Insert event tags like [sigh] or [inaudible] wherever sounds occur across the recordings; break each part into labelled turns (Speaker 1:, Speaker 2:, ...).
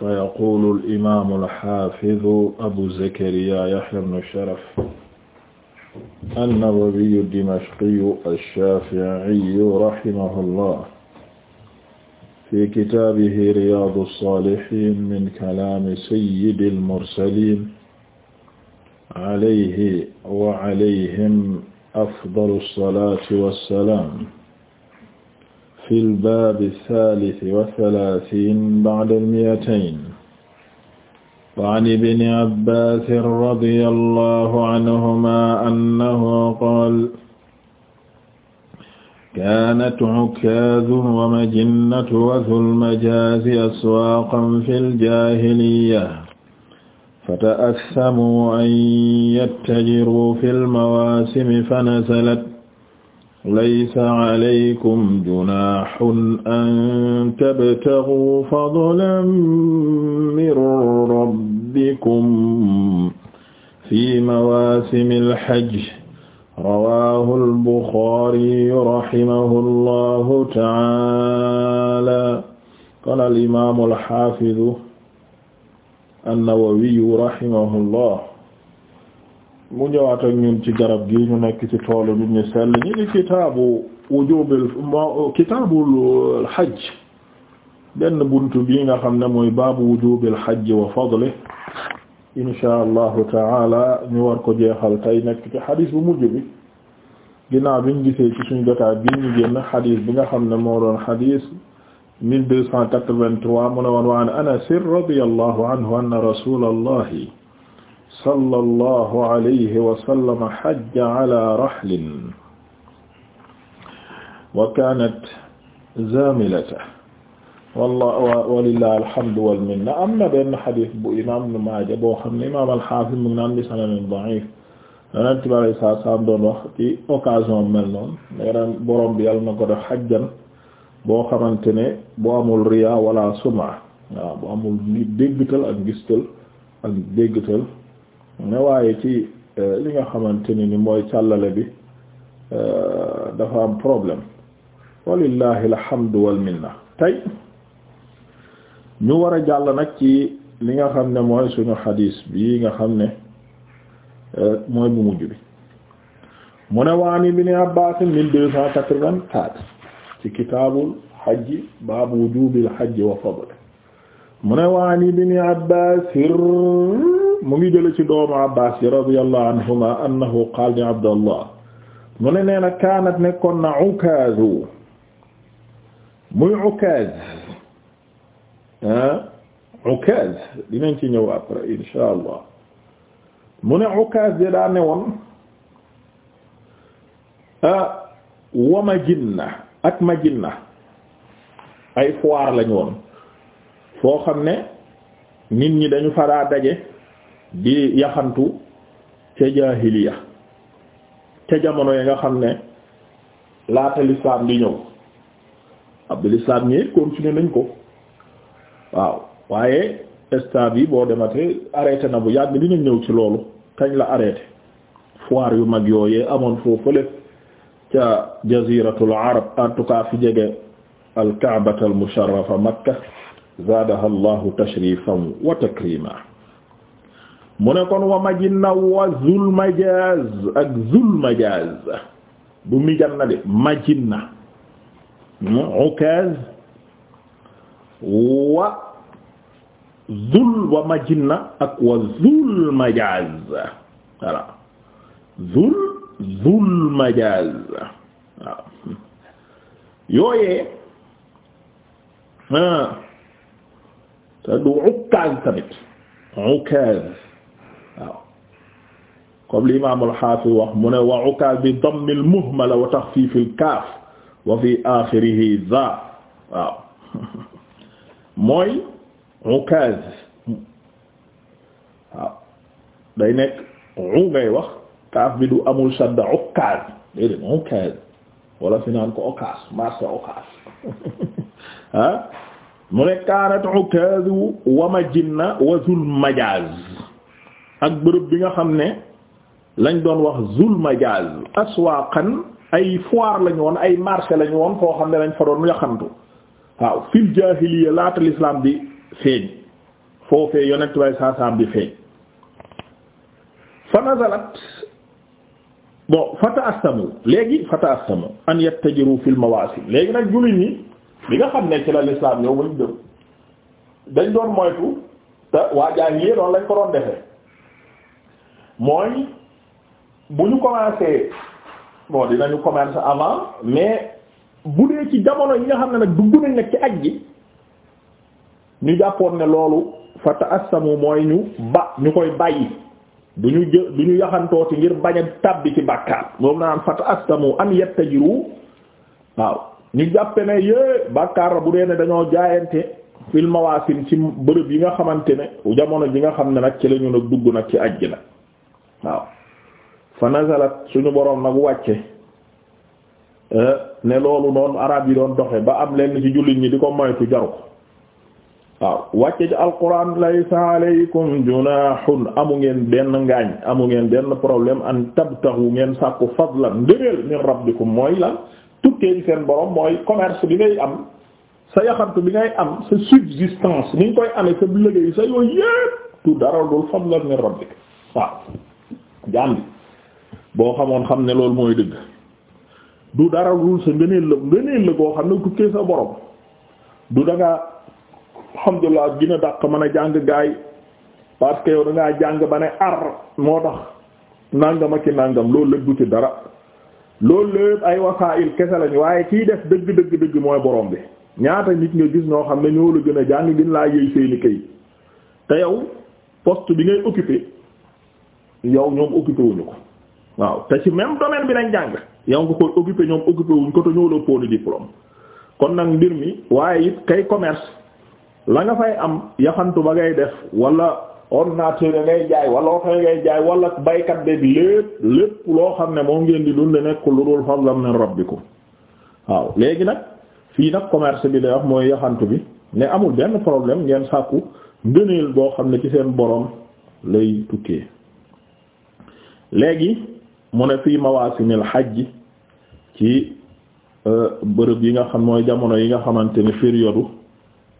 Speaker 1: فيقول الإمام الحافظ أبو زكريا يحيى بن شرف النووي الدمشقي الشافعي رحمه الله في كتابه رياض الصالحين من كلام سيد المرسلين عليه وعليهم أفضل الصلاة والسلام fi lbaabi althaalisi wathalaathiin ba'da al-mi'atayn wa 'an ibni abbaasin radiyallahu 'anhumaa annahu qaala kaanat 'ukkaazun wa majinnatu wa dhul majaazi aswaaqan fi ljaahiliyya fata'assamuu an yattajiruu fi lmawaasimi fanasalat laysa alaykum junahun an tabtaghuu fadlan min rabbikum fi mawaasimil hajj rawaahul buxaari rahimahullahu ta'aala qaala al imaamul haafidu an-nawawiyu rahimahullah mu ñëwaat ak ñun ci garab gi ñu nekk ci toolu bi ñu sell ñu ngi kitaabu wujubil kitaabul hajj benn buntu bi nga xam ne mooy baabu wujubil hajj wa fadli insha allahu taala ñu war ko jeexal tey nekk ci xadis bu mujj bi ginnaaw biñ gisee ci suñ jotaay bi ñu génn bi nga xam ne moo doon xadis 1283 mu ne woon wa an anas radiyallahu anhu anna rasulallahi sallallahu alayhi wa sallam hajja ala rahlin wa kaanat zaamilatan walillahi alhamdu wal minna am na benn xadis bu imaam Ibn Maaja boo xam ne imaam al-Haafiz mu ngi naan bi sanadin da'iif Yonent bi alayhi salaatu salaam doon wax ci occasion mel noonu daan borom bi yàlla na ko def xajjan boo xamante ne bu amul riyaa wala suma waaw bu amul déggtal ak gistal ak déggtal ne waaye ci euh, li nga xamante ne ni mooy càllale bi euh, dafa am problème walillahi la wal minna tey ñu war a jàll nag ci li nga xam ne mooy suñu xadiis bi nga xam ne euh, mooy bu mujj bi mu ne waan ibn Abbaas mille deux cent quatre-vingt-quatre ci kitaabul hajji baabu wujubil hajji wa fadli mu ne waan ibn Abbaas mu ngi jële ci doomu abbas yi radiyallahu anhuma annahu qaal ni abdallah mu ne nee na kaanat nekkoon na ukaazu muy ukaaz ah ukaaz dinañ ci ñëw après insha allah mu ne ukaaz de daa ne woon ah wa Majinna ak Majinna ay foire lañ woon foo xam ne nit ñi dañu faraa daje di yaxantu ca jaahiliya ca jamono yi nga xam ne laata lislaam di ñëw ab lislaam ñi continuer nañ ko waaw waaye stade yi boo demate arrêté na bu yàgg dinañ ñëw ci loolu kañ la arrêté foire yu mag yooyee amoon foofu lépp ca jaziratul arab en tout cas fi jege al kaabata makka zaadaha allahu tashrifan wa takrima mu ne kon wa majinna wa zul majaz ak zul majaz du mijanna de majinna ukaz wa zul wa majinna ak wa zul majaz zul zul majaz waaw yooyee te du ukaz tamit ukaz waaw comme l'imam al-Hafiz wax mu ne wa ukaaz bi dammil muhmala wa taxfiifil kaaf wa fi aaxirihi zaa waaw [laughs] mooy ukaaz waaw day nekk u ngay wax kaaf bi du amul shadda ukaaz déedéet ukaaz wala fi naan ko okaas marché okaas ah [laughs] mu ne kaanat ukaazu wa majinna wa zul majaaz ak bërëb bi nga xam ne lañ doon wax zul majaz aswaqan ay foire lañu woon ay marché lañu woon koo xam ne lañ fa mu yaxantu waaw fil jaahiliya laata l'islam bi feeñ foofee yonent way saasaam bi feeñ fa nazalat bon fata astamu léegi fata astamu an yattajiru fil mawaasim léegi nag jullit ñi bi nga xam ne ci la l'islam ñëw wañ jëm dañ doon moytu te waa jaahiliya doon lañ ko doon defee mooy bu ñu commencé bon ñu commencé avant mais bu dee ci jamono yi nga xam ne nag dugg nañ nag ci aj gi ñu jàppoon ne loolu fa ta'assamu mooy ñu ba ñu koy bàyyi du ñu jë du ñu yaxantooti ngir bañ a tàbbi ci bàkkaar moom naan am ta'assamu an yattajiru waaw ñu jàppe ne yée bàkkaar la bu dee ne dañoo jaayante fil mawaasim ci bërëb yi nga xamante ne jamono ji nga xam ne nag ci lañu nag dugg nag ci aj gi nag waaw fa nazalat suñu boroom nag wàcce eh, ne loolu noon arab yi doon doxe ba am lenn ci jullit ñi di ko moytu jaru ko waaw wàcce lay sa laysa alaykum junahun amu ngeen benn ngaañ amu ngeen benn problème an tabtahu ngeen sàkku fadlan ndëréel min rabbikum mooy la tukkee ci seen borom mooy commerce bi ngay am sa yaxantu bi ngay am sa subsistance ni nga koy amee sa liggéey sa yooyu yépp dara dul fadlan min rabbik waaw jaam boo xamoon xam ne loolu mooy dëgg du dara lu sa ngëneel la ngëneel la oo xam ne tukkee sa borom du dangaa alhamdulilah gën a dàq mën a jàng gaay parce que yow dangaa jàng ba ne ar moo tax nàngam ak ki nàngam loolu lépp du ci dara loolu lépp ay wasaa'il kese lañ waaye kiy def dëgg dëgg dëgg mooy borom bi ñaata nit nga gis ñoo xam ne ñoo la gën a jàng gën laa yëy seeni këy te yow poste bi ngay occupé yow ñoom occupé wuñu ko waaw te ci même domaine bi lañ jàng yow nga koy occupé ñoom occupé wuñ ko te ñoo la pôle diplôme kon nag mbir mi waaye it kay commerce la nga fay am yaxantu ba ngay def walla ordinateur yi ngay jaay wala oto ngay jaay wala baykat beeg lépp loo xam ne moo ngeen di dund nekk lu dul fadlan min rabbikum waaw léegi nag fii nag commerce bi lay wax mooy yaxantu bi ne amul benn problème ngeen sàkku ngëneel boo xam ne ci seen boroom lay tukkee. léegi mu ne fii mawaasimil xajj ci euh, bërëb yi nga xam mooy jamono yi nga xamante ne période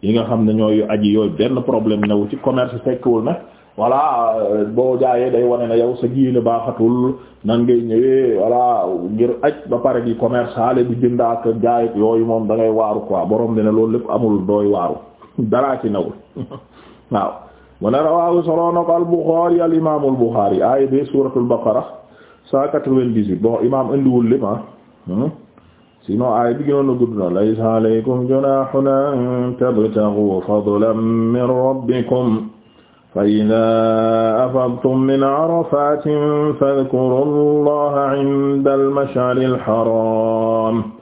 Speaker 1: yi nga xam ne ñooy aji yooyu benn problème newu ci commerce fekkwul nag voilà euh, boo jaayee day wane na yow sa ji la baaxatul nan ngay ñëwee voilà ngir aj ba pare di commerçale bi jënd ak jaay yooyu moom da ngay waaru quoi borom dina loolu lépp amul dooy waaru [laughs] daraa ci newul [laughs] waaw mu ne rawaahu solo na ko al-Bukhari al imaamu al-Bukhari aaya bi suuratul Baqara 198 bon imaam indiwul lépp ah hmm? sinon aaya bi gënoon na gudd na laysa alaykum junaahun an tabtaghu fadlan min rabbikum fa idaa afadtum min arafaatin fadkuru allaha inda al-mash'ari al-haraam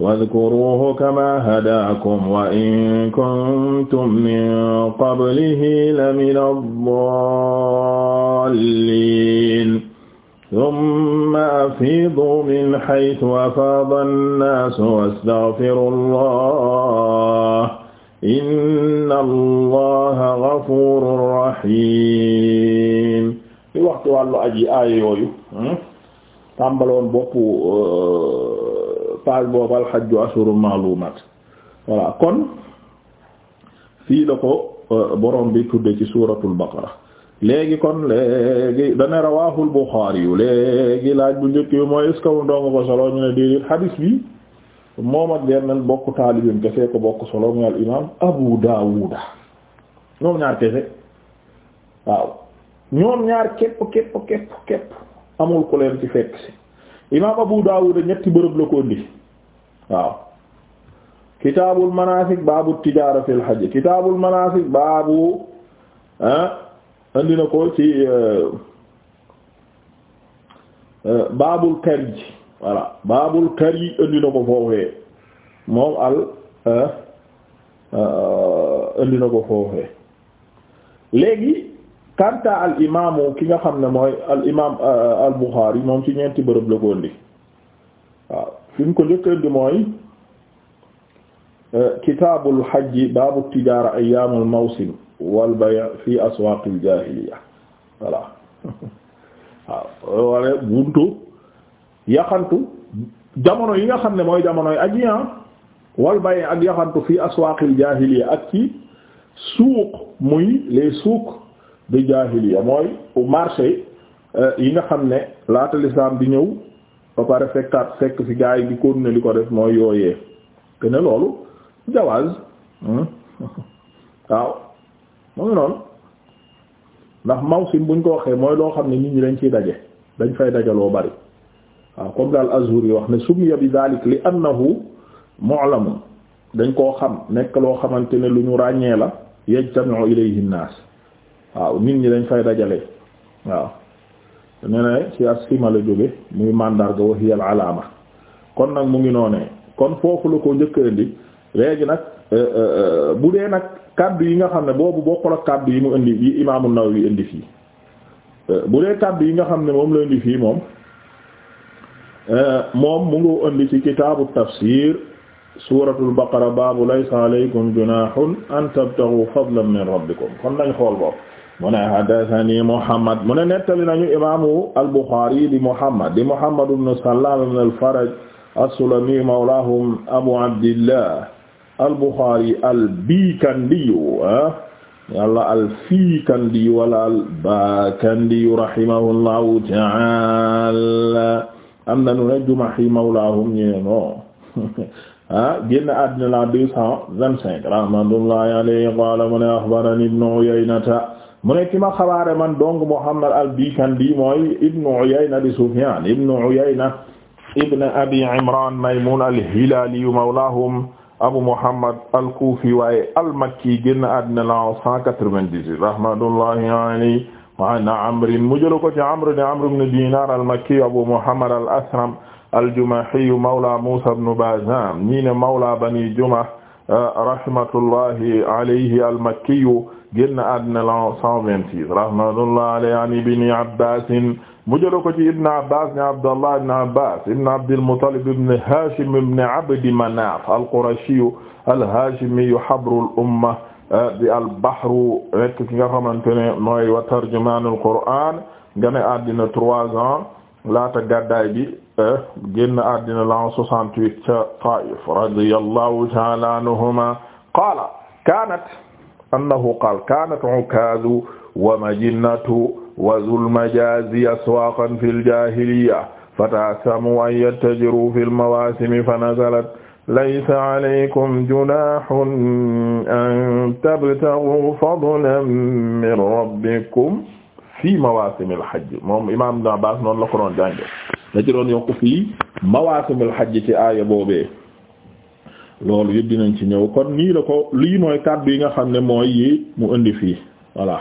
Speaker 1: wadhkuruuhu kamaa hadaakum wa in kuntum min qablihi lamina ad-daalliin thumma afiiduu min haythu afaada an-naasu wastaghfiru llaah inna allaha ghafuurun rahiim li waxtu wàllu aji aaya yooyu hmm? tàmbaloon boppu euh, page boobu alxajju ashurun maalumaat voilà kon fii la ko euh, borom bi tudde ci suuratul baqara léegi kon léegi dana rawaahul Buxaari yu léegi laaj bu njëkk bi mooy est-ce ko solo ñu ne déedéet xadiis bi moom ak benn bokk taalibin kese ko bokk solo mu al Abu Daawuda ñoom ñaar kese waaw ñoom ñaar amul ku leen ci fekk si bu Abu Dawud ñetti bërëb la ko indi waaw kitaabul manasik baabu tijaara fil hajj kitaabul manasik baabu ah andi na ko ci eh, eh, baabul karij voilà baabul karij andi na ko foofee moom al andi eh, na ko foofee léegi kanta al imaamu ki nga xam ne mooy al imaam euh, al Buxaari moom ci ñeenti bërëb la ko indi waaw fi mu ko njëkk indi mooy euh, kitaabul hajji baabu tijaara ayyaamul mawsim wal bay' fi aswaaqil jaahiliya voilà [laughs] waaw wala yaxantu jamono yi nga xam ne mooy jamonoy aji ah, wal bay' ak yaxantu fi aswaaqil jaahiliya ak ci suuq muy les suuq bi jaahiliya mooy marché euh, yi nga xam ne laata lislaam di ñëw ba fekkaat fekk fi gaa yi di continuer li ko def mooy yooyee te ne loolu jawaaz hmm? [laughs] waaw mu ngi noonu ndax mawsim buñ ko waxee mooy loo xam ne nit ñi dañ ciy daje dañ fay dajaloo bari waaw comme daal azur yi wax ne summiya bi dalik li annahu mu'lamun dañ koo xam nekk loo xamante ne lu ñu ràññee la yajtami'u ilayhi an-nas waaw nit ñi dañ fay dajale waaw ne ne ci asima la jóge muy mandarga wa hiya alaama kon nag mu ngi noonee kon foofu la ko njëkk indi léegi nag euh, euh, euh, bu dee nag kaddu yi nga xam ne boobu bokkul ak kaddu yi mu indi yi imaamu Nawawi indi fii bu dee kaddu yi nga xam ne moom la indi fii moom moom mu ngi indi ci kitaabu tafsir suuratul baqara baabu laysa alaykum junaahun an tabtaghu fadlan min rabbikum kon nañ xool boobu mu ne haddathani Muhammad mu ne nettali nañu imaamu al-Bukhari di Muhammad di Muhammad ibn Sallam ibn al-Faraj as-Sulami mawlahum Abu Abdillah al-Bukhari al-Bikandiyu ah, yàlla al-Fiikandiyu wala al-Bakandiyu rahimahullahu ta'ala am na nu ne Jumahi mawlahum ñee no [laughs] ah génn àddina la deux cent vingt-cinq rahmatullahi alayhi qala mu ne akhbarani ibn Uyaynata mu ne ki ma xabaare man dong Muhammad al-Bikandi mooy Ibn Uyayna di Sufyan Ibn Uyayna Ibn Abi Imran Maymun al-Hilali mawlahum Abu Muhammad al-Kufi waaye al-Makki génn àddina la 198 rahmatullahi alayhi wa an Amr mu jël ko ci Amr ibn Amr ibn Dinar al-Makki Abu Muhammad al-Asram al-Jumahi mawla Musa ibn Bazam ñi ne mawla Bani Jumah rahmatullahi alayhi al-Makki génn àddina la 126 rahmatullah alayhi an ibni abbas mu jël ko ci ibn abbas ne abdallah ibn abbas ibn abdil muttalib ibn hashim ibn abd manaf al-qurashi al-hashimi habrul umma eh, di al-bahru nekk ki nga xamante ne mooy wa tarjumanul qur'an génn àddina trois ans laata gàddaay bi eh, génn àddina la 68 ca Taif radiyallahu ta'ala anhuma qala kanat annahu qaal kanat ukaazu wa majinnatu wa zulmajazi aswaqan fi ljahiliya fataasamu an yattajiru fi lmawasimi fanazalat laysa alaykum junahun an tabtagu fadlan min rabbikum fii mawasimi lhajj moom imam ibn abbas noonu la ko doon jànge na ci doon yokk fii mawasimi lhajj ci aaya boobee loolu yëpp dinañ ci ñëw kon nii la ko lii mooy kàddu yi nga xam ne mooy yi mu indi fii voilà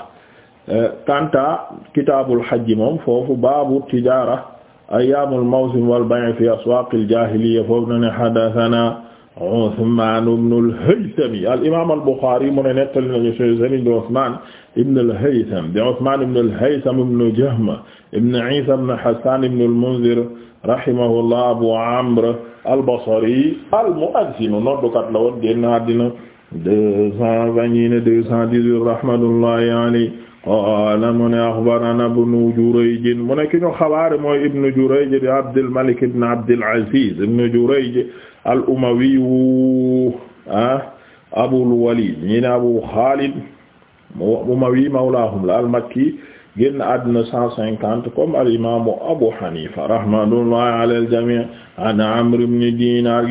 Speaker 1: euh, kanta kitaabul hajj moom foofu baabu tijaara ayyaamul mawsim wal bay' fi aswaaqil jaahiliyya foofu na ne hadathana Usmaan ibn al-Haythami al-imaam al-Buxaari mu ne nettali nañu sunu sëriñ di Usmaan ibn al-Haytham di Usmaan ibn al-Haytham ibn Jahm ibn Iisaa ibn Hasaan ibn al-Munzir rahimahullah Abu Amr al-Basri al-mu'azzin noddukat la woon génn àddina deux cent vingt ñi ne deux cent dix-huit rahmatullahi alayhi qaala mu ne axbarana ibnu Jurayj mu ne ki ñu xabaare mooy ibnu Jurayj di Abdul Malik ibn Abdul Aziz ibnu Jurayj al-Umawi ah Abul Walid ñi ne Abu Xaalid Umawi mawlaahum al-Makki génn àdduna cent cinquante comme al imaamu Abu Hanifa rahmatullahi ala al-jamii' an Amr ibn Dinar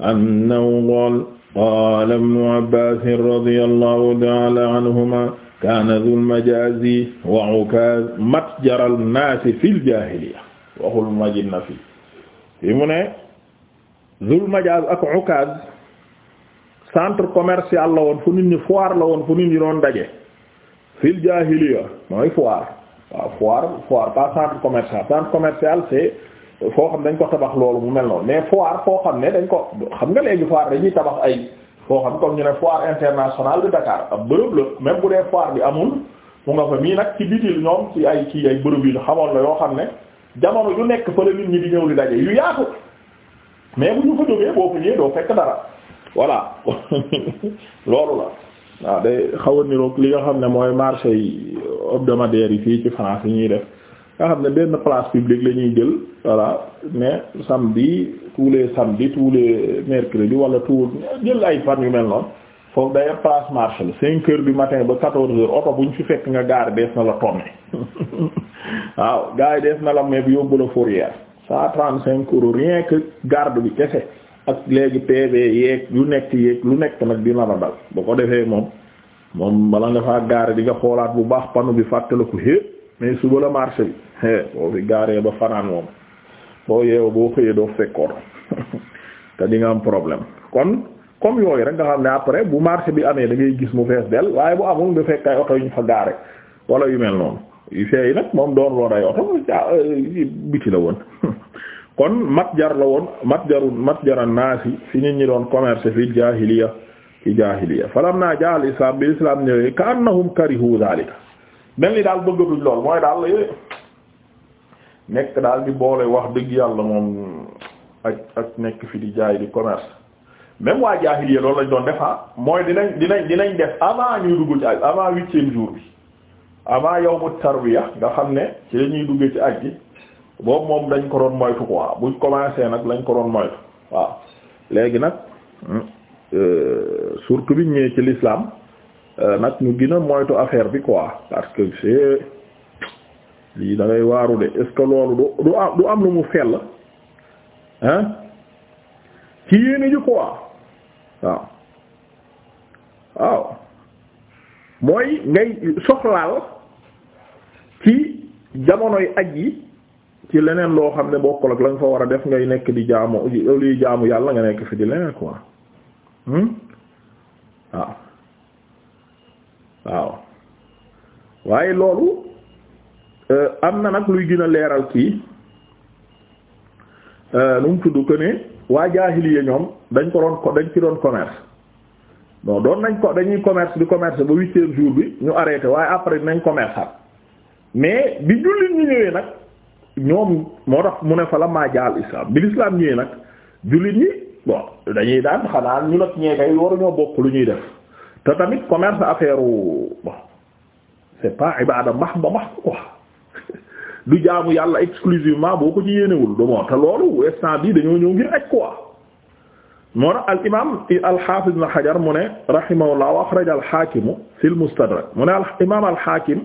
Speaker 1: annahu qaala qaala ibnu Abbaas radiyallahu ta'ala anhumaa kaana dhul majaazi wa ukaaz matjara an-naasi fil jaahiliyya waxul majin na fi fi mu ne dhul majaaz ak ukaaz centre commercial la woon fu nit ñi foire la woon fu nit ñi doon daje fil jaahiliya mooy foire waaw foire foire pas centre commercial centre foo xam dañ ko tabax loolu mu mel noonu mais foire foo xam ne dañ ko xam nga léegi foire dañuy tabax ay foo xam comme ñu ne foire internationale de Dakar ab bërëb la même bu dee foire bi amul mu nga fa mii nag ci bitil ñoom ci ay ci ay bërëb yi xamoon la yoo xam ne jamono yu nekk fa la nit ñi di ñëw di daje yu yaatu mais bu ñu fa jógee boo fa doo fekk dara voilà [laughs] loolu la waaw day xaw a niroog li nga xam ne mooy marché yi hebdomadaire yi fii ci France yi ñuy def nga xam ne benn place publique la ñuy jël voilà mais samedi tous les samedis tous les mercredis wala tout jël ay fan yu mel noonu foofu day place marché la cinq heures du matin ba quatorze heures oto bu ñu fi fekk nga gaar dees na la tonne [laughs] waaw gars yi na la mais bi yóbbu la fourrière cent trente cinq euros rien que garde bi kese ak léegi PV yeeg yu nekk yeeg lu nekk nag dina la dal boo ko defee moom moom bala nga faa gaare di nga xoolaat bu baax panu bi fàttaliku hee mais suba la marché bi hee boo fi gaaree ba fanaan moom boo yeewu boo xëyee doo fekkoon [laughs] te di nga am problème kon comme yooyu rek nga xam ne après bu marché bi amee da ngay gis mu fees del waaye bu amul nga fekk ay oto yu ñu fa gaare wala yu mel noonu yu fee nag moom doon loon ay oto biti la woon [laughs] kon matjar la woon matjaru matjaran naasi fi nit ñi doon commerce fi jaahiliya fi jaahiliya falamma jaa al islam bi islam ñëwee ka annahum karihu zalika mel ni daal bëggatuñ lool mooy daal nekk daal di boole wax dëgg yàlla moom ak nekk fi di jaay di commerce même waa jaahiliya loolu lañ doon defaa ah. mooy dinañ dinañ dinañ def avant ñuy dugg ci aj avant huitième jour bi avant yawmu tarwiya nga xam ne ci lañuy duggee ci aj gi boobu moom dañ ko doon moytu quoi buñ commencé nag lañ ko doon moytu waaw léegi nag hmm, euh, surtout biñ ñëwee ci lislaam euh, nag ñu gën moytu affaire bi quoi parce que c'est lii da ngay waaru de est-ce loolu du am lu mu fell hein ci yéene ji quoi waaw waaw mooy ngay soxlaal ci jamonoy aj yi ci leneen loo xam ne bokkul ak la nga fa war a def ngay nekk di jaamu luy jaamu yàlla nga nekk fi di leneen quoi hmm? waaw waaw waaye loolu euh, am na nag luy gën a leeral kii euh, nu mu tudd ko ne waa jaahiliya ñoom dañ ko doon dañ ci doon commerce bon doon nañ ko dañuy commerce di commerce ba huitième jour bi ñu arrêté waaye après nañ commerce mais bi jullit ñu ñëwee nag. ñoom moo tax mu ne fa la maa jaal islam bi lislaam ñëwee nag jullit ñi bon dañuy daan xanaa ñu nag ñee kay waruñoo bokk lu ñuy def te tamit commerce affaire bon c'est pas ibada max ba max quoi [laughs] du jaamu yàlla exclusivement boo ko ci yéenewul du moo te loolu instant bi dañoo ñëw ngir aj quoi moo tax al imam al hafiz na xajar mu ne rahimahullah wa al hakim fi al mustadrak mu ne al imam al hakim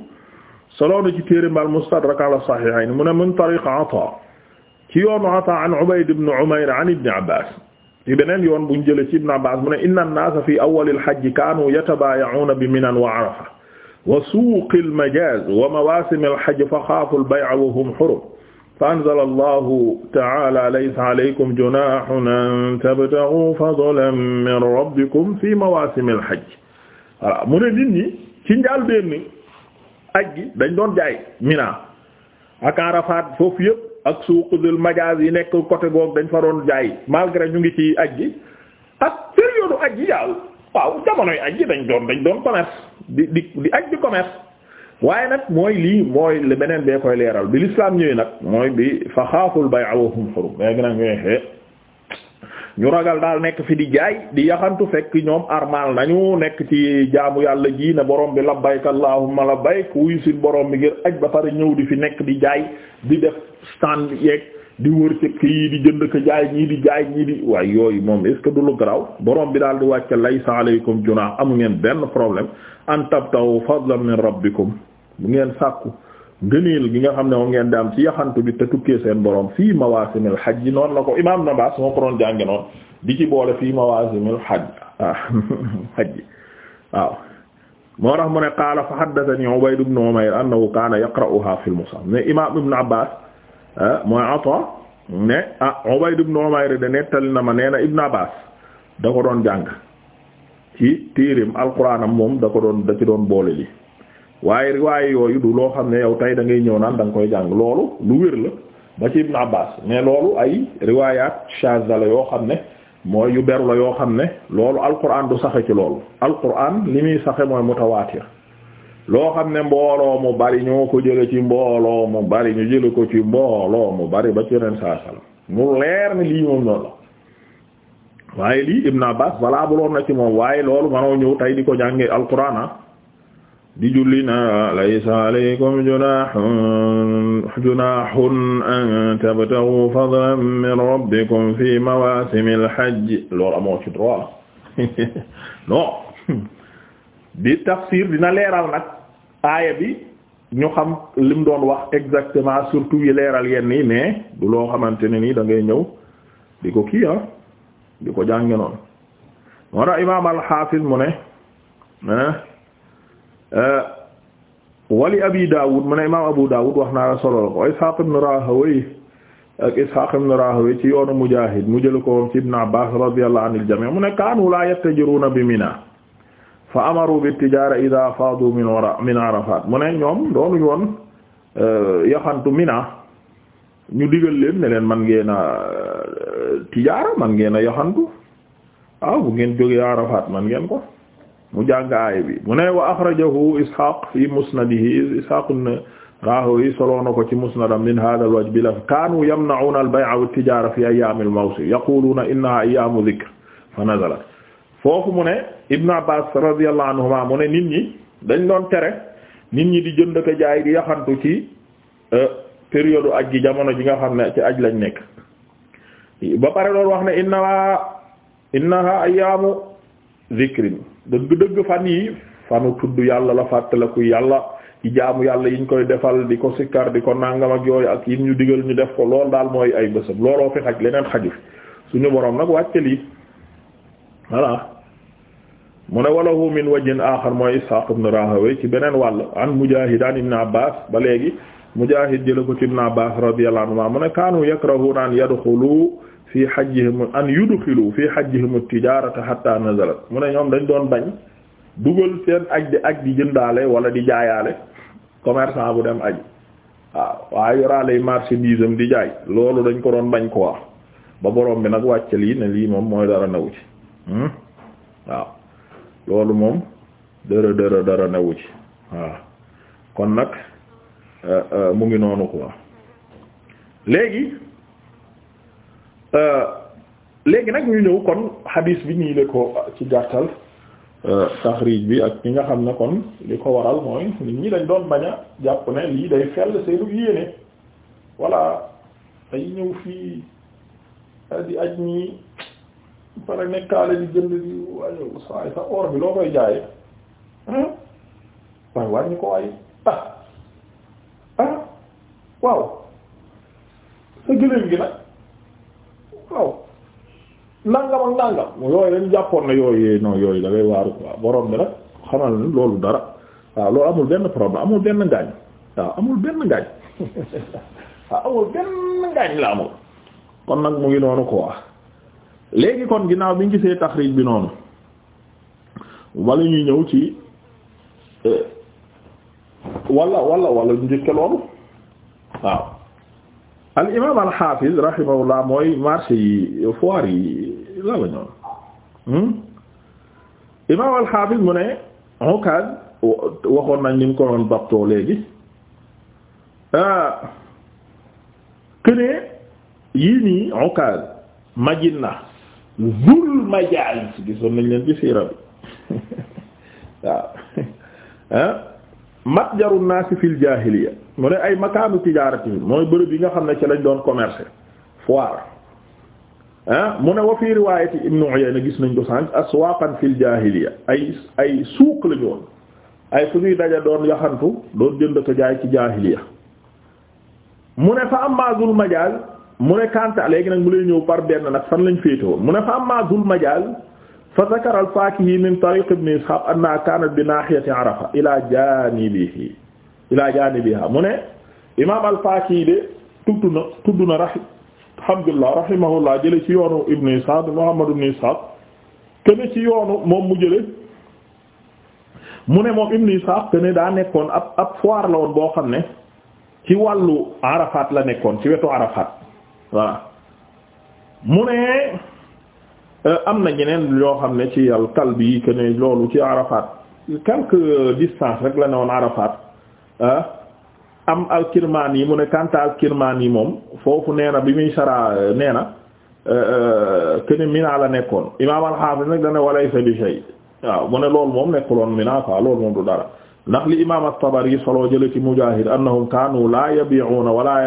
Speaker 1: solo na ci téerim al mustadrak ala sahihayn mu ne min tariq ata ci yoonu ata an ubayd ibn umayr an ibn abbas ci beneen yoon buñ jële ci ibn abbas mu ne inna an-nas fi awwal al-hajj kanu yatabay'una bi minan wa arafa wa suuq al-majaz wa mawasim al-hajj fa xaafu al-bay'a wa hum hurum fa anzala allahu ta'ala laysa alaykum junahun an tabtaghu fadlan min rabbikum fi mawasim al-hajj mu ne nit ñi ci njàlbéen aj gi dañ doon jaay Mina ak Arafat foofu yëpp ak suuqudul magaas yi nekk côté goog dañ fa doon jaay malgré ñu ngi ci aj gi ak période aj gi yaaw waaw jamonoy aj gi dañ doon dañ doon commerce di di di aj di commerce waaye nag mooy lii mooy le beneen bee koy leeral bi l'islam ñëwee nag mooy bi fa xaaful bay'a wa hum hurum léegi nag ñëwee ñu ragal daal nekk fi di jaay di yaxantu fekk ñoom armal nañu nekk ci jaamu yàlla ji ne boroom bi labbayk allahumma labbayk wuyu si boroom bi ngir aj ba pare ñëw di fi nekk di jaay di def stand yeeg di wër ci kii di jënd ko jaay ñii di jaay ñii di waaye yooyu moom est que du lu garaaw borom bi daal di wàcce laysa alaykum junah amu ngeen benn problème an tabtahu fadlan min rabbikum bu ngeen sàkku ngëneel gi nga xam ne moom ngeen di am ci yaxantu bi te tukkee seen borom fii mawaasimil hajj noonu la ko imaam Nabaas moo di ci boole fii mawaasimil hajj ah [laughs] hajj waaw. moo tax mu ne qaala fa eh, ah, na ma nee na Ibn Abbaas da ko doon jàng ci téereem alquraanam moom da ko doon da ci doon boole li waaye riwaaye yooyu du loo xam ne yow tey da ngay ñëw naan danga koy jàng loolu lu wér la ba ci Ibn Abbas mais loolu ay riwaayaat shazza la yoo xam ne mooy yu beru la yoo xam ne loolu alquran du saxe ci loolu alquran li muy saxe mooy mutawaatir loo xam ne mbooloo mu bari ñoo ko jële ci mbooloo mu bari ñu jële ko ci mbooloo mu bari ba ci yeneen saa sala mu leer ni lii moom noonu la waaye lii Ibn Abbas balaa buloon na ci moom waaye loolu manoo ñëw tey di julli na laysa alaykum junahun junahun an tabtaghu min rabbikum fi mawasimil hajj loolu amoo ci droit [laughs] non [laughs] di tafsir dina leeral nag aaya bi ñu xam lim doon wax exactement surtout yi leeral yenn ni mais du loo xamante ne nii da ngay ñëw di ko kii ah di ko jànge noonu moo imaam al mu ne ah, Euh, wali abi daawud mu ne imaam abu daawud wax naa la solo ko ishaq ibn rahawayh ak ishaq ibn rahawayh ci yoonu mujaahid mu jël ko moom ci ibn abbaas radiyallahu anil jamii mu ne kaanu laa yattajiruuna bi mina fa amaru bi tijaara idaa faadu min min arafaat mu ne ñoom doonuñu woon euh, yaxantu mina ñu digal leen ne leen man ngeen euh, tijaara man ngeen a yaxantu waaw bu ngeen jógee arafaat man ngeen ko mu jàng aaya bi mu ne wa axrajahu ishaq fi musnadihi ishaq ibn rahowi soloo na ko ci musnadam min hada alwaj bi la kaanu yamna'una albay'a wa tijara fi ayami almawsim yaquluna innaha ayamu dhikr fa nazalat foofu mu ne ibn abbas radiyallahu anhuma mu ne nit ñi dañ doon tere nit ñi di jënd ko jaay di yaxantu ci euh, période aj gi jamono ji nga xam ne ci aj lañ nekk ba pare doon wax ne innaha innaha ayamu dhikrin dëgg-dëgg fan yi fanu tudd yàlla la fàttaliku yàlla ci jaamu yàlla yiñ koy defal di ko sikkar di ko nangam ak yooyu ak yim ñu digal ñu def ko lool daal mooy ay bésam looloo fi xaj leneen xaju suñu boroom nag wàcce lii voilà mu ne walahu min wajhin aaxar mooy Ishaq ibn Rahawayh ci beneen wàll an Mujaahid an Ibn Abbaas ba léegi Mujaahid jëla ko ci Ibn Abbaas radiyallahu anhu mu ne kaanu yakrahuuna an yadxulu fii hajjihim an yudxilu fii hajjihim tijaarata hatta nazalat mu ne ñoom dañ doon bañ dugal seen aj di aj di jëndaale wala di jaayaale commerçant bu dem aj waaw waaye yoraale marchandise diisam di jaay loolu dañ ko doon bañ quoi ba borom bi nag wàcce lii ne lii moom mooy dara newu ci hmm? waaw loolu moom dara dara dara newu ci waaw kon nag eh, eh, mu ngi noonu quoi léegi. Euh, léegi nag ñu ñëw kon hadis bi ñii la ko ci gàttal euh, taxriij bi ak ñi nga xam ne kon li ko waral mooy nit ñi dañ doon bañ a jàpp ne lii day fell seenu yéene voilà ay ñëw fii di aj ñii pare nekkaale di jënd di waaye saay sa or bi loo koy jaaye waaye wàññi ko waaye ah, ah waaw sa gëléem gi waaw nangam ak nangam yooyu dañu jàppoon na yooyu yooyu da ngay waaru quoi borom bi nag xamal ni loolu dara waaw loolu amul benn problème amul benn ngaañ waaw amul benn ngaañ [laughs] amul benn ngaañ la amul kon nag mu ngi noonu quoi léegi kon ginnaaw bi ñu gisee taxriij bi noonu wala ñuy ñëw ci eh, wala wala wala ñu njëkke loolu waaw al imaam al xaafiz rahimahullah mooy marché yi foire yi la la ñoon hmm? imaam al xaafiz mu ne Ukaaz waxoon nañ ni mu ko doon daptoo léegi këne ah, yii nii Ukaaz majin na zul majaalis gisoon nañ leen ci siira bi [laughs] waaw ah, matjaru naasi fil jaahiliya mu ne ay makaanu tijaarati mooy bërëb yi nga xam ne ci lañ doon commercer foire ah mu ne wa fii riwaayati Ibnu Uyayna gis nañ ko sànq aswaaqan ay ay suuq la ñu woon ay fu ñuy daja doon yaxantu doon jënd ko jaay ci jaahiliya mu ne fa amma zul majaaz mu ne Kanta léegi nag mu lay ñëw par benn nag fan lañ féete mu ne fa amma zul majaaz fa zakara al-Faakihi min tariiq Ibn Ishaaq annahaa kaanat bi naahiyati Arafa ilaa jaanibihi ilaa jaanibiha mu ne imaam al-Faaki de tudd na tudd na rahi alhamdulillah rahimahullah jële ci yoonu ibnu Isaaq Muhammad ibnu Isaaq kene ci yoonu moom mu jële mu ne moom ibnu Isaaq kene daa nekkoon ab ab foire la woon boo xam ne ci wàllu Arafat la nekkoon ci wetu Arafat voilà mu ne euh, am na ñeneen yoo xam ne ci al-Kalbi kene loolu ci Arafat quelque distance rek la ne woon Arafat Ah, am al-Kirmaani mu ne Kanta al-Kirmaani moom foofu nee na bi muy sara nee na eh, eh, kene Mina la nekkoon imaam al-Haafiz nag dana walaysa bi shay waaw mu ne loolu moom nekkuloon Mina quoi loolu moom du dara ndax li imaam at-Tabari soloo jële ci Mujaahid annahum kaanu laa yabi'uuna wala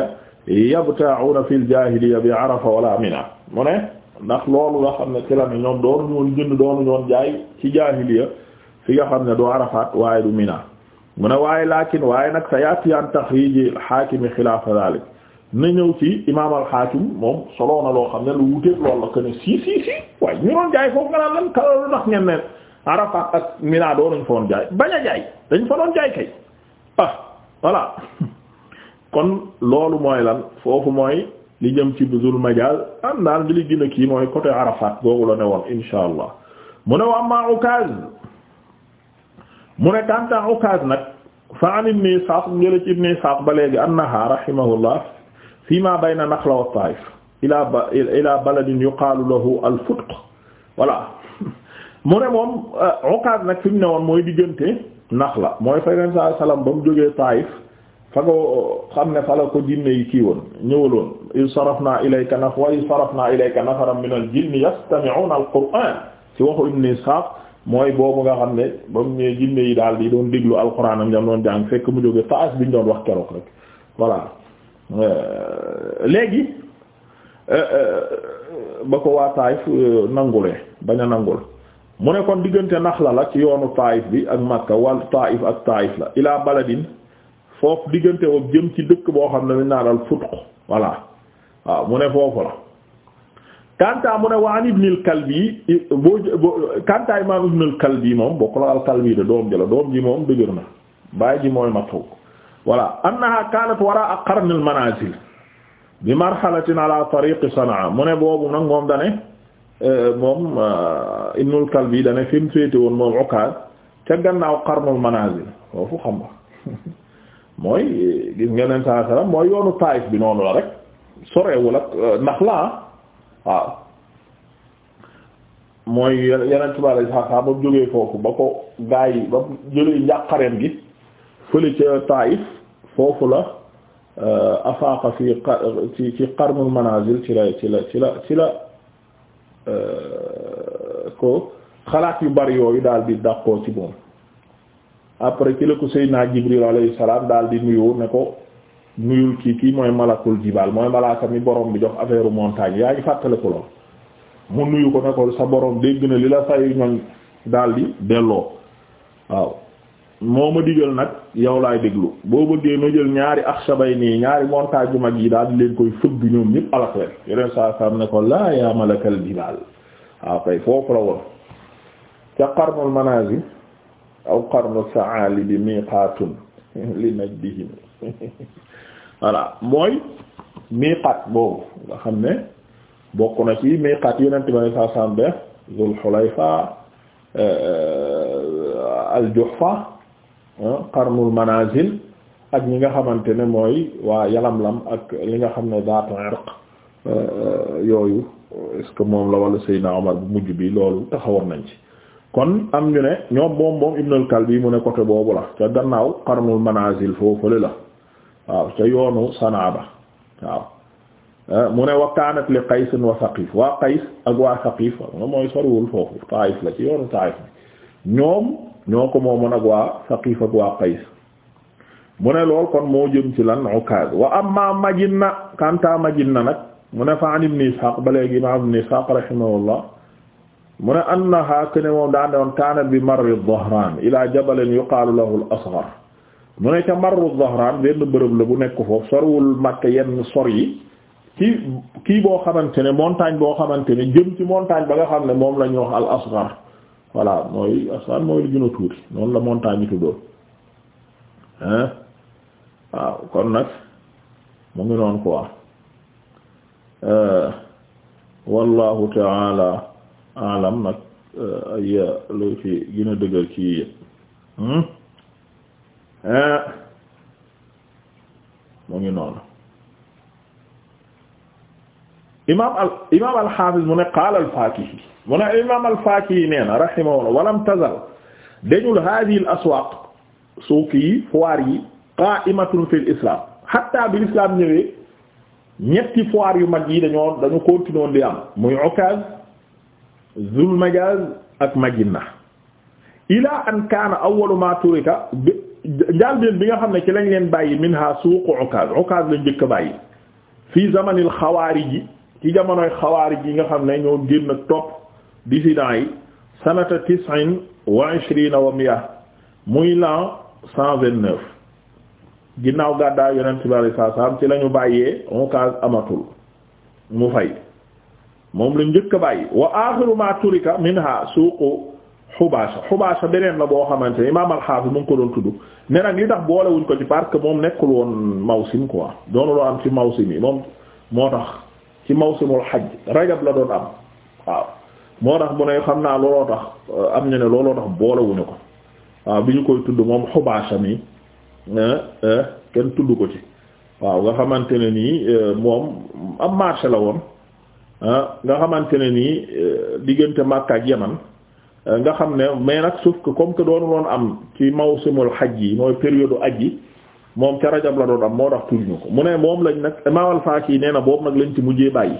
Speaker 1: yabta'uuna fil jaahiliyya bi Arafa wala Mina mu ne ndax loolu nga xam ne ci la ne ñoom doonuñu woon jënd doonuñu woon jaay ci jaahiliyya fi nga xam ne doo Arafat waaye du Mina mu ne waaye laakin waaye nag sa yaati an taxriji alxaakimi xilaafa dalik na ñëw ci imaam alxaakim moom soloo loo xam ne lu wuteeg loolu la que ne si waaye ñu doon jaay foofu nga naan lan kala lu tax ngeen ne ak Mina doo nañ jaay bañ jaay dañ fa doon jaay kay ah voilà [laughs] kon loolu mooy lan foofu mooy li jëm ci zul majaaz am daal li gën a kii mooy côté Arafat googu la ne woon insha mu ne wa amma Ukaz mu ne kanta Ukaz fa an ibni Isaaq jële ci ibni Isaaq ba léegi annaha rahimahullah fi ma bayna Nakhla wa Taif ila ila baladin yuqaalu lahu al-Futq voilà mu ne moom Ukaaz euh, nag fi mu ne woon mooy diggante Nakhla mooy fa Yonent sallallahu alayhi wa sallam ba mu jógee Taif fa ko xam ne fa la ko jinne yi kii woon ñëwaloon iz sarafnaa ilayka naf wa iz sarafnaa ilayka nafaran minal jinni yastami'uuna al-Qur'aan ci waxu ibni Isaaq mooy boobu nga xam ne ba mu ñëwee jinne yi daal di doon déglu alxuraan am jam doon jàng fekk mu jóge phase bi ñu doon wax voilà euh, léegi euh, euh, ba ko waa nangul mu ne kon diggante Naxla la ci yoonu Taayif bi ak Makka wal Taayif ak Taayif la ilaa baladin foofu diggante boobu jëm ci dëkk boo xam ne dañ naa dal futq voilà waaw mu ne foofu la Kanta mu ne waan Ibn al-Kalbi boo Kanta imaam Ibn al-Kalbi moom bokkul al-Kalbi de doom ji la doom ji moom dëgër na baay ji mooy Matruk voilà annaha kaanat waraa qarn al bi marhalatin ala tariq Sanaa mu ne boobu nag moom dane euh, moom euh, Ibn al-Kalbi dane fi mu féete woon moom Ukaad ca gannaaw qarnul manaazil foofu xam nga [laughs] mooy gis nga leen saa salaam mooy yoonu Taayif bi noonu la rek sorewul ak euh, Naxla waaw mooy yeneen tubaab yi sax sax ba mu jógee foofu ba ko gaa yi ba mu jëlee njàqareem gi fële ca Taayif foofu la euh, afaaqa fi ci ci qarnul manazil ci la ci la ci la ci la euh, ko xalaat yu bari yooyu daal di dàqoo ci moom après ci la ko Seydina Jibril alayhi salaam daal di nuyoo ne ko. nuyul kii kii mooy malakul jibaal mooy malaaka mi borom bi jox affaire montagne yaa ngi fàttaliku lool mu nuyu ko ne sa borom dégg na li la say ñoñ daldi delloo waaw moo ma digal nag yow laay déglu boo bëggee ma jël ñaari axsabay nii ñaari montagne bu mag yi daal di leen koy fëgg ñoom ñëpp alak yeneen saa saam ne ko laa yaa malakal jibaal waaw kay foofu la woon ca qarnul manazil aw qarnu saali bi miqaatun li najdihim [laughs] voilà mooy miqaat boobu nga xam ne bokk na ci miqaat yonent bi sallallahu alayhi wa sallam def Zul Hulayfa euh, al Juhfa Qarnul Manazil ak ñi nga xamante ne mooy waa Yalamlam ak li nga xam ne Zaatu Irq euh, euh, yooyu est-ce que moom la wala Seydina Omar bu mujj bi loolu taxawoon nañ ci kon am ñu ne ñoom moom moom Ibnul Kalbi mu ne côté boobu la ca gannaaw Qarnul Manazil foofule la waaw ca yoonu sanaa ba waaw eh, mu ne wa kaanat li qays wa saqif waa qays ak waa saqif nga mooy soriwul foofu taif la ci yoonu taif bi ñoom ñoo ko moomoon ak waa saqif ak waa qays mu ne lool kon moo jëm ci lan ukaaz wa amma majinna kanta majinna nag mu ne fa an ibn ishaq ba léegi imam ibn ishaq rahimahullah mu ne annaha kene moom daa ne woon kaanat bi marri dhahran ila jabalin yuqaalu lahu al asghar mu ne ca marru Zahraan benn bërëb la bu nekk foofu sorwul Makka yenn sor yi kii kii boo xamante ne montagne boo xamante ne jëm ci montagne ba nga xam ne moom la ñuy wax al asghar voilà mooy asghar mooy lu gën tuuti noonu la montagne yi tuddoon hein waaw kon nag mu ngi noonu quoi euh, wallahu taala alam nag euh, euh, lu fi gën dëgër ci yëpp Eh, mu ngi noonu imaam al imaam al xaafiz mu ne qaala al faakihi mu ne imaam al faakihi nee na rahimahullah walam tazal dañul haadihi al aswaaq suuq yi foire yi qaa'imatun fil islam hatta bi islam ñëwee ñetti foire yu mag yi dañoo dañu continuer di am muy Ukaz Zul Majaz ak Madina ila an kaana awwalu ma turika bi njàlbéen bi nga xam ne ci lañ leen bàyyi minha suuqu Ukaaz Ukaaz lañ njëkk a bàyyi fii zamanil xawaarij yi ci jamonoy xawaari ji nga xam ne ñoo génn topp dissidents yi sanata tis'in wa ishrina wa mi'a muy l'an cent vingt neuf ginnaaw gàddaay yonent bi alayhi salaam ci lañu bàyyee Ukaaz amatul mu fay moom lañ njëkk bàyyi wa aaxiru ma turika minha suuqu xubaasa xubaasa beneen la boo xamante ne imaam alxaafis mu ko doon tudd ne nag li tax boolewuñ ko ci parce que moom nekkul woon mawsim quoi doonu loo am ci mawsim yi moom moo tax ci mawsimul xaj rajab la doon am waaw moo tax mu ne xam naa looloo tax euh, am ñu ne looloo tax boolewuñu ko waaw bi ñu koy tudd moom xubaasa mi kenn tudd ko ci waaw nga xamante ne nii euh, moom am marché la woon nga xamante ne nii euh, diggante Makka ak Yaman nga xam ne mais nag sauf que comme que doonu loon am ci mawsimul hajj yi mooy période aj yi moom ca rajab la doon am moo tax tudd ñu ko mu ne moom lañ nag imaawal faaki nee na boobu nag lañ ci mujjee bàyyi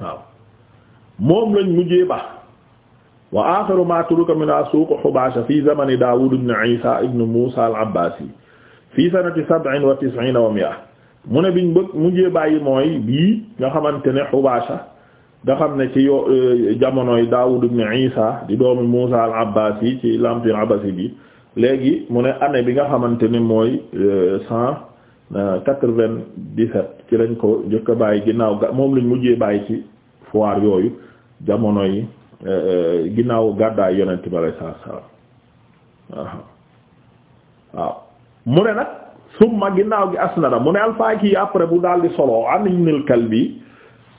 Speaker 1: waaw moom lañ mujjee ba wa aaxiru ma turuka min suuq Hubaasha fi zamani Daawuud ibn Iisa ibn Muusaa al-Abbaasi fi sanati sab'in wa mu ne biñ bëgg mujjee bàyyi mooy bii nga xamante ne Hubaasha nga xam ne ci yo euh, jamonoy Daawud ibn Isa di doomi Muusa al-Abbaas ci l'empire abbasside bi léegi mu ne année bi nga xamante ni mooy euh, cent euh, quatre-vingt-dix-sept ci lañ ko jëkk a bàyyi ginnaaw ga moom lañ mujjee bàyyi ci foire yooyu jamono yi ginnaaw gàddaay yonent bi sallallahu alayhi wasallam waaw waaw mu ne nag summa ginnaaw gi asnada mu ne al-Faaki après bu daal di solo an Ibn kalbi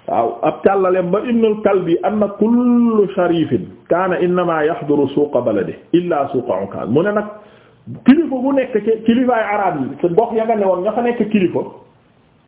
Speaker 1: waaw ab càllalem ba ibnul kalbi anna kullu sharifin kaana innama yahduru suuqa baladi illa suuqa ukaan mu ne nag kilifa bu nekk ci kilifaay arab yi te gox ya nga ne woon nga fa nekk kilifa